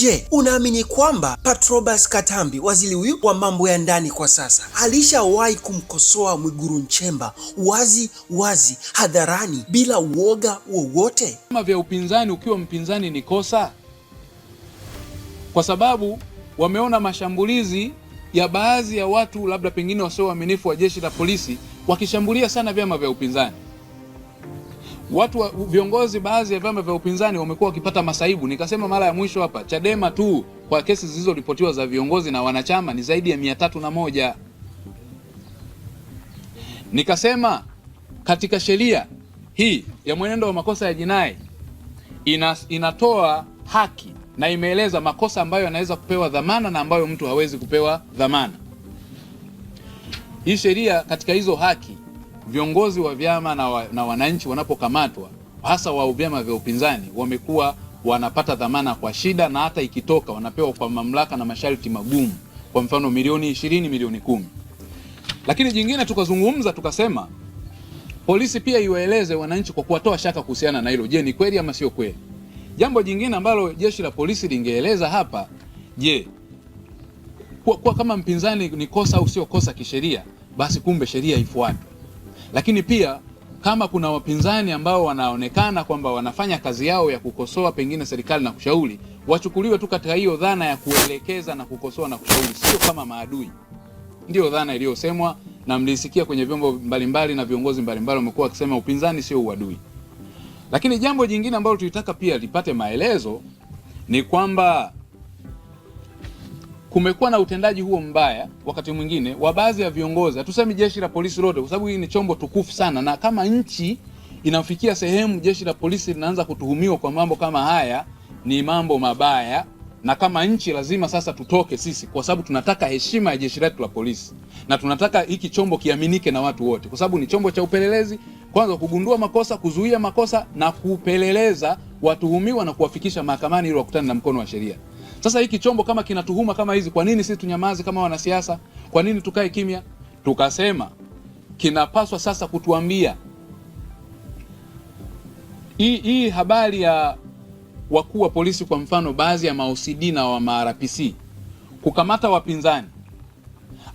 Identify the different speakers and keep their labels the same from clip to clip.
Speaker 1: Je, unaamini kwamba Patrobas Katambi, waziri huyu wa mambo ya ndani kwa sasa, alishawahi kumkosoa Mwigulu Nchemba wazi wazi hadharani bila uoga wowote?
Speaker 2: Vyama vya upinzani, ukiwa mpinzani ni kosa, kwa sababu wameona mashambulizi ya baadhi ya watu labda pengine wasio waaminifu wa jeshi la polisi wakishambulia sana vyama vya upinzani watu wa, viongozi baadhi ya vyama vya upinzani wamekuwa wakipata masaibu. Nikasema mara ya mwisho hapa Chadema tu kwa kesi zilizoripotiwa za viongozi na wanachama ni zaidi ya mia tatu na moja. Nikasema katika sheria hii ya mwenendo wa makosa ya jinai ina, inatoa haki na imeeleza makosa ambayo yanaweza kupewa dhamana na ambayo mtu hawezi kupewa dhamana. Hii sheria katika hizo haki viongozi wa vyama na, wa, na wananchi wanapokamatwa hasa wa vyama vya upinzani wamekuwa wanapata dhamana kwa shida, na hata ikitoka wanapewa kwa mamlaka na masharti magumu, kwa mfano milioni ishirini, milioni kumi. Lakini jingine tukazungumza tukasema polisi pia iwaeleze wananchi kwa kuwatoa shaka kuhusiana na hilo. Je, ni kweli ama sio kweli? Jambo jingine ambalo jeshi la polisi lingeeleza hapa, je, kwa, kwa kama mpinzani ni kosa au sio kosa kisheria? Basi kumbe sheria ifuatwe. Lakini pia kama kuna wapinzani ambao wanaonekana kwamba wanafanya kazi yao ya kukosoa pengine serikali na kushauri, wachukuliwe tu katika hiyo dhana ya kuelekeza na kukosoa na kushauri, sio kama maadui. Ndiyo dhana iliyosemwa na mlisikia kwenye vyombo mbalimbali na viongozi mbalimbali wamekuwa wakisema upinzani sio uadui. Lakini jambo jingine ambalo tulitaka pia lipate maelezo ni kwamba kumekuwa na utendaji huo mbaya wakati mwingine wa baadhi ya viongozi, hatusemi jeshi la polisi lote, kwa sababu hii ni chombo tukufu sana, na kama nchi inafikia sehemu jeshi la polisi linaanza kutuhumiwa kwa mambo kama haya, ni mambo mabaya, na kama nchi lazima sasa tutoke sisi, kwa sababu tunataka heshima ya jeshi letu la polisi na tunataka hiki chombo kiaminike na watu wote, kwa sababu ni chombo cha upelelezi, kwanza kugundua makosa, kuzuia makosa na kupeleleza watuhumiwa na kuwafikisha mahakamani ili wakutane na mkono wa sheria. Sasa hiki chombo kama kinatuhuma kama hizi, kwa nini sisi tunyamaze kama wanasiasa? Kwa nini tukae kimya? Tukasema kinapaswa sasa kutuambia hii habari ya wakuu wa polisi, kwa mfano baadhi ya maosidi na wa maRPC kukamata wapinzani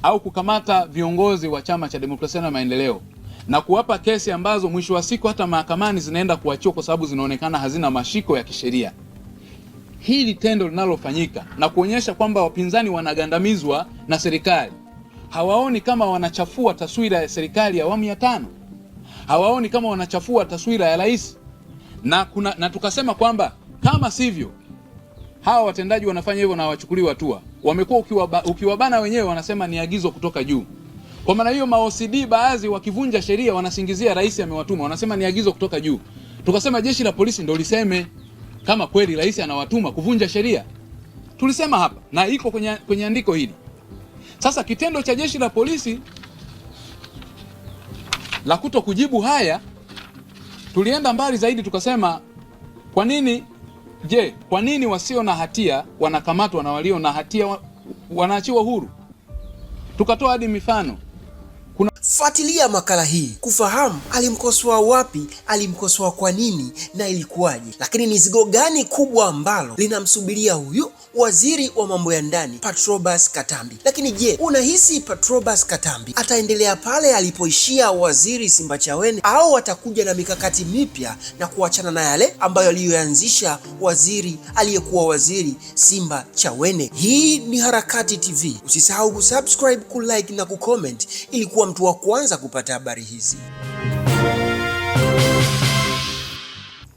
Speaker 2: au kukamata viongozi wa Chama cha Demokrasia na Maendeleo na kuwapa kesi ambazo mwisho wa siku hata mahakamani zinaenda kuachiwa kwa sababu zinaonekana hazina mashiko ya kisheria hili tendo linalofanyika na kuonyesha kwamba wapinzani wanagandamizwa na serikali, hawaoni kama wanachafua taswira ya serikali ya awamu ya tano, hawaoni kama wanachafua taswira ya rais na, kuna, na tukasema kwamba kama sivyo hawa watendaji wanafanya hivyo na hawachukuliwi hatua, wamekuwa ukiwabana ukiwa wenyewe, wanasema ni agizo kutoka juu. Kwa maana hiyo, maOCD baadhi wakivunja sheria wanasingizia rais amewatuma, wanasema ni agizo kutoka juu. Tukasema jeshi la polisi ndio liseme kama kweli rais anawatuma kuvunja sheria. Tulisema hapa na iko kwenye, kwenye andiko hili. Sasa kitendo cha jeshi la polisi la kuto kujibu haya, tulienda mbali zaidi tukasema, kwa nini je, kwa nini wasio na hatia wanakamatwa na walio na hatia wanaachiwa huru? Tukatoa hadi mifano
Speaker 1: kuna Fuatilia makala hii kufahamu alimkosoa wapi, alimkosoa kwa nini na ilikuwaje, lakini ni zigo gani kubwa ambalo linamsubiria huyu waziri wa mambo ya ndani Patrobas Katambi. Lakini je, unahisi Patrobas Katambi ataendelea pale alipoishia waziri Simbachawene au atakuja na mikakati mipya na kuachana na yale ambayo aliyoanzisha waziri aliyekuwa waziri Simbachawene? Hii ni Harakati TV, usisahau kusubscribe, kulike na kucomment ili kuwa mtu wa kwanza kupata habari hizi.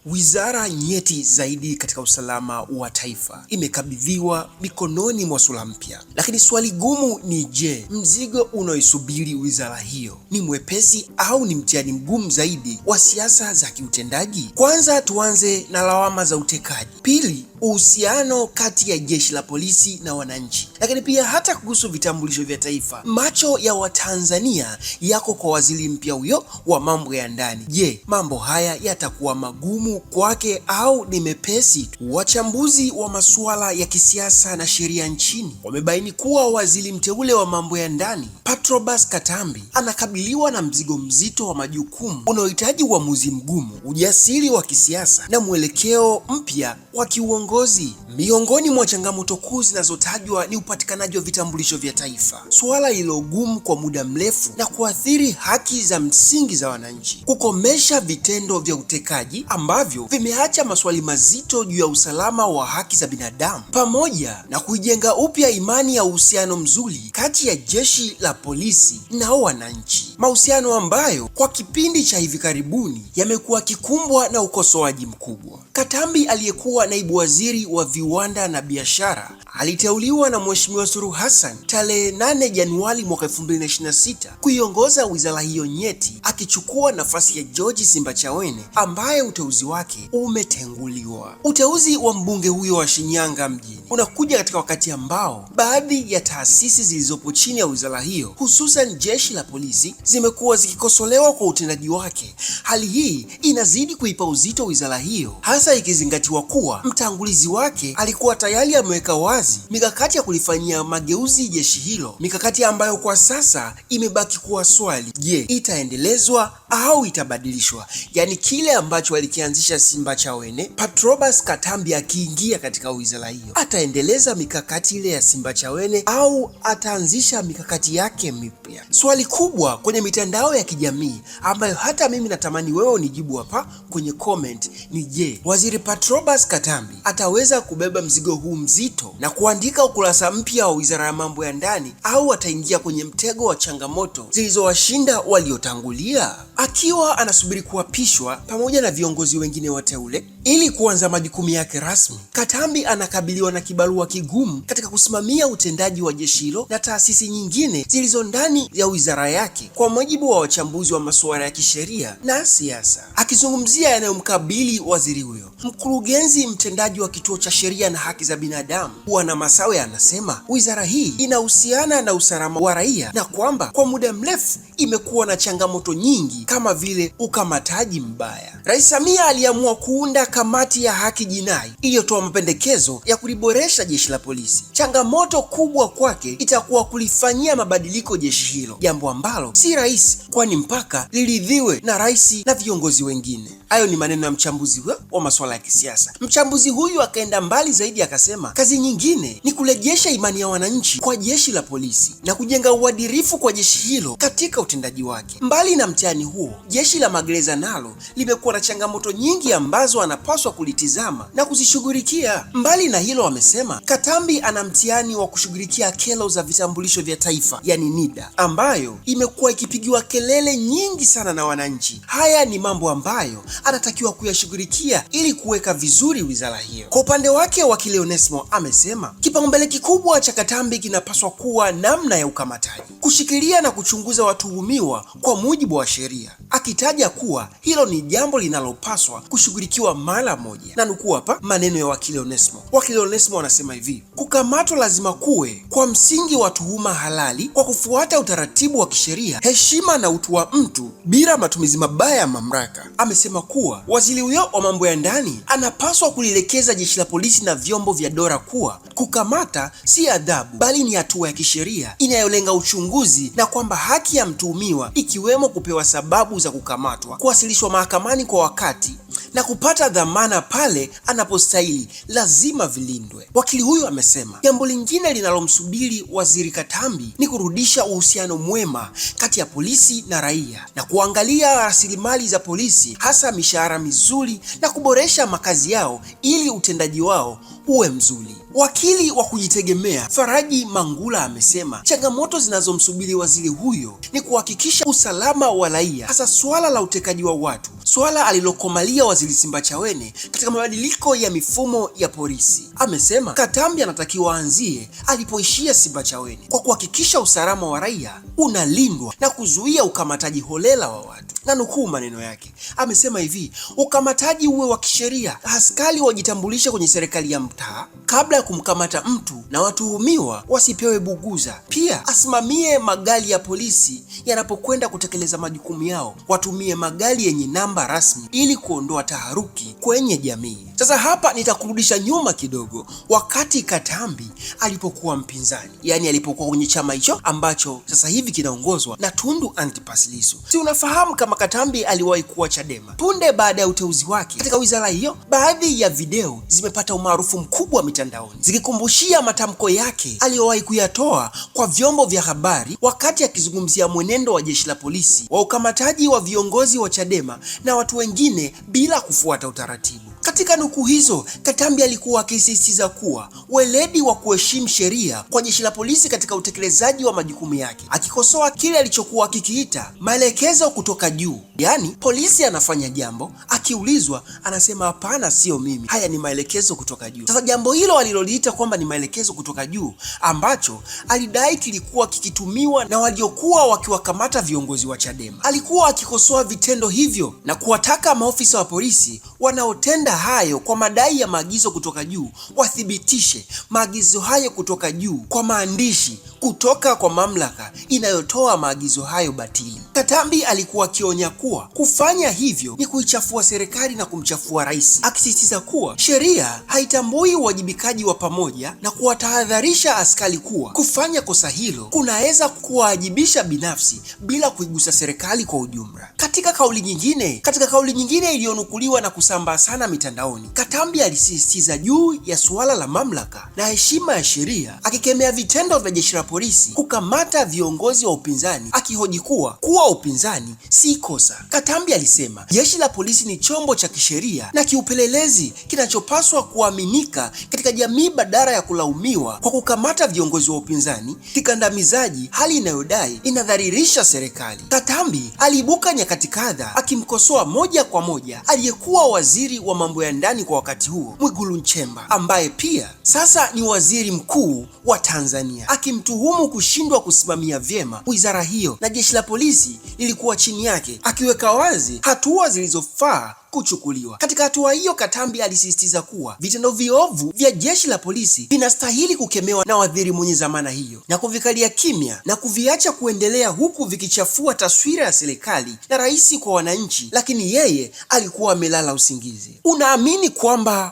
Speaker 1: Wizara nyeti zaidi katika usalama wa taifa imekabidhiwa mikononi mwa sura mpya, lakini swali gumu ni je, mzigo unaoisubiri wizara hiyo ni mwepesi au ni mtihani mgumu zaidi wa siasa za kiutendaji? Kwanza tuanze na lawama za utekaji. Pili, uhusiano kati ya jeshi la polisi na wananchi, lakini pia hata kuhusu vitambulisho vya taifa. Macho ya Watanzania yako kwa waziri mpya huyo wa mambo ya ndani. Je, mambo haya yatakuwa magumu kwake au ni mepesi Wachambuzi wa masuala ya kisiasa na sheria nchini wamebaini kuwa waziri mteule wa mambo ya ndani Patrobas Katambi anakabiliwa na mzigo mzito wa majukumu unaohitaji uamuzi mgumu, ujasiri wa kisiasa na mwelekeo mpya wa kiuongozi viongozi. Miongoni mwa changamoto kuu zinazotajwa ni upatikanaji wa vitambulisho vya taifa, suala lililogumu kwa muda mrefu na kuathiri haki za msingi za wananchi, kukomesha vitendo vya utekaji ambavyo vimeacha maswali mazito juu ya usalama wa haki za binadamu, pamoja na kuijenga upya imani ya uhusiano mzuri kati ya jeshi la polisi na wananchi, mahusiano ambayo kwa kipindi cha hivi karibuni yamekuwa kikumbwa na ukosoaji mkubwa. Katambi aliyekuwa naibu waziri waziri wa viwanda na biashara aliteuliwa na Mheshimiwa Suluhu Hassan tarehe 8 Januari mwaka 2026 kuiongoza wizara hiyo nyeti, akichukua nafasi ya George Simbachawene ambaye uteuzi wake umetenguliwa. Uteuzi wa mbunge huyo wa Shinyanga mjini unakuja katika wakati ambao baadhi ya taasisi zilizopo chini ya wizara hiyo, hususan jeshi la polisi, zimekuwa zikikosolewa kwa utendaji wake. Hali hii inazidi kuipa uzito wizara hiyo, hasa ikizingatiwa kuwa mtangulizi wake alikuwa tayari ameweka wazi wazi mikakati ya kulifanyia mageuzi jeshi hilo, mikakati ambayo kwa sasa imebaki kuwa swali: je, itaendelezwa au itabadilishwa? Yaani kile ambacho alikianzisha Simba Chawene, Patrobas Katambi akiingia katika wizara hiyo, ataendeleza mikakati ile ya Simba Chawene au ataanzisha mikakati yake mipya? Swali kubwa kwenye mitandao ya kijamii ambayo hata mimi natamani wewe unijibu hapa kwenye comment ni je, Waziri Patrobas Katambi ataweza kubeba mzigo huu mzito na kuandika ukurasa mpya wa Wizara ya Mambo ya Ndani au ataingia kwenye mtego wa changamoto zilizowashinda waliotangulia? Akiwa anasubiri kuapishwa pamoja na viongozi wengine wateule ili kuanza majukumu yake rasmi, Katambi anakabiliwa na kibarua kigumu katika kusimamia utendaji wa jeshi hilo na taasisi nyingine zilizo ndani ya wizara yake, kwa mujibu wa wachambuzi wa masuala ya kisheria na siasa. Akizungumzia yanayomkabili waziri huyo, mkurugenzi mtendaji wa kituo cha sheria na haki za binadamu Bwana Masawe anasema wizara hii inahusiana na usalama wa raia na kwamba kwa muda mrefu imekuwa na changamoto nyingi kama vile ukamataji mbaya. Rais Samia aliamua kuunda kamati ya haki jinai iliyotoa mapendekezo ya kuliboresha jeshi la polisi. Changamoto kubwa kwake itakuwa kulifanyia mabadiliko jeshi hilo, jambo ambalo si rahisi, kwani mpaka liridhiwe na rais na viongozi wengine. Hayo ni maneno ya mchambuzi wa masuala ya kisiasa. Mchambuzi huyu akaenda mbali zaidi akasema kazi nyingi nyingine ni kurejesha imani ya wananchi kwa jeshi la polisi na kujenga uadilifu kwa jeshi hilo katika utendaji wake. Mbali na mtihani huo, jeshi la magereza nalo limekuwa na changamoto nyingi ambazo anapaswa kulitizama na kuzishughulikia. Mbali na hilo, wamesema Katambi ana mtihani wa kushughulikia kero za vitambulisho vya taifa, yani NIDA, ambayo imekuwa ikipigiwa kelele nyingi sana na wananchi. Haya ni mambo ambayo anatakiwa kuyashughulikia ili kuweka vizuri wizara hiyo. Kwa upande wake, wakili Onesmo amesema amesema kipaumbele kikubwa cha Katambi kinapaswa kuwa namna ya ukamataji kushikilia na kuchunguza watuhumiwa kwa mujibu wa sheria, akitaja kuwa hilo ni jambo linalopaswa kushughulikiwa mara moja. Na nukuu hapa maneno ya wakili Onesmo. Wakili Onesmo wanasema hivi: kukamatwa lazima kuwe kwa msingi wa tuhuma halali kwa kufuata utaratibu wa kisheria, heshima na utu wa mtu, bila matumizi mabaya ya mamlaka. Amesema kuwa waziri huyo wa mambo ya ndani anapaswa kulielekeza jeshi la polisi na vyombo vya dola kuwa kukamata si adhabu, bali ni hatua ya kisheria inayolenga uchunguzi uchunguzi na kwamba haki ya mtuhumiwa ikiwemo kupewa sababu za kukamatwa, kuwasilishwa mahakamani kwa wakati na kupata dhamana pale anapostahili lazima vilindwe. Wakili huyo amesema jambo lingine linalomsubiri Waziri Katambi ni kurudisha uhusiano mwema kati ya polisi na raia na kuangalia rasilimali za polisi, hasa mishahara mizuri na kuboresha makazi yao ili utendaji wao uwe mzuri. Wakili wa kujitegemea Faraji Mangula amesema changamoto zinazomsubiri waziri huyo ni kuhakikisha usalama wa raia, hasa swala la utekaji wa watu, swala alilokomalia waziri Simbachawene katika mabadiliko ya mifumo ya polisi. Amesema Katambi anatakiwa aanzie alipoishia Simbachawene kwa kuhakikisha usalama wa raia unalindwa na kuzuia ukamataji holela wa watu. Na nukuu maneno yake, amesema hivi: ukamataji uwe wa kisheria, askari wajitambulishe kwenye serikali ya mtu hata kabla ya kumkamata mtu na watuhumiwa wasipewe buguza. Pia asimamie magari ya polisi yanapokwenda kutekeleza majukumu yao, watumie magari yenye namba rasmi ili kuondoa taharuki kwenye jamii. Sasa hapa nitakurudisha nyuma kidogo, wakati Katambi alipokuwa mpinzani, yaani alipokuwa kwenye chama hicho ambacho sasa hivi kinaongozwa na Tundu Antipas Lissu. Si unafahamu kama Katambi aliwahi kuwa Chadema. Punde baada ya uteuzi wake katika wizara hiyo, baadhi ya video zimepata umaarufu mkubwa mitandaoni zikikumbushia matamko yake aliyowahi kuyatoa kwa vyombo vya habari wakati akizungumzia mwenendo wa jeshi la polisi wa ukamataji wa viongozi wa Chadema na watu wengine bila kufuata utaratibu katika Nukuu hizo Katambi alikuwa akisisitiza kuwa weledi wa kuheshimu sheria kwa jeshi la polisi katika utekelezaji wa majukumu yake, akikosoa kile alichokuwa kikiita maelekezo kutoka juu Yaani polisi anafanya jambo, akiulizwa anasema hapana, sio mimi, haya ni maelekezo kutoka juu. Sasa jambo hilo aliloliita kwamba ni maelekezo kutoka juu, ambacho alidai kilikuwa kikitumiwa na waliokuwa wakiwakamata viongozi wa Chadema, alikuwa akikosoa vitendo hivyo na kuwataka maofisa wa polisi wanaotenda hayo kwa madai ya maagizo kutoka juu wathibitishe maagizo hayo kutoka juu kwa maandishi kutoka kwa mamlaka inayotoa maagizo hayo batili. Katambi alikuwa akionya kuwa kufanya hivyo ni kuichafua serikali na kumchafua rais, akisisitiza kuwa sheria haitambui uwajibikaji wa pamoja na kuwatahadharisha askari kuwa kufanya kosa hilo kunaweza kuwaajibisha binafsi bila kuigusa serikali kwa ujumla. Katika kauli nyingine, katika kauli nyingine iliyonukuliwa na kusambaa sana mitandaoni, Katambi alisisitiza juu ya suala la mamlaka na heshima ya sheria, akikemea vitendo vya jeshi la polisi kukamata viongozi wa upinzani, akihoji kuwa kuwa upinzani si kosa Katambi alisema jeshi la polisi ni chombo cha kisheria na kiupelelezi kinachopaswa kuaminika katika jamii badala ya kulaumiwa kwa kukamata viongozi wa upinzani kikandamizaji, hali inayodai inadharirisha serikali. Katambi aliibuka nyakati kadha akimkosoa moja kwa moja aliyekuwa waziri wa mambo ya ndani kwa wakati huo Mwigulu Nchemba, ambaye pia sasa ni waziri mkuu wa Tanzania, akimtuhumu kushindwa kusimamia vyema wizara hiyo na jeshi la polisi lilikuwa chini yake aki aliweka wazi hatua zilizofaa kuchukuliwa. Katika hatua hiyo, Katambi alisisitiza kuwa vitendo viovu vya jeshi la polisi vinastahili kukemewa na waziri mwenye dhamana hiyo na kuvikalia kimya na kuviacha kuendelea, huku vikichafua taswira ya serikali na rais kwa wananchi, lakini yeye alikuwa amelala usingizi. Unaamini kwamba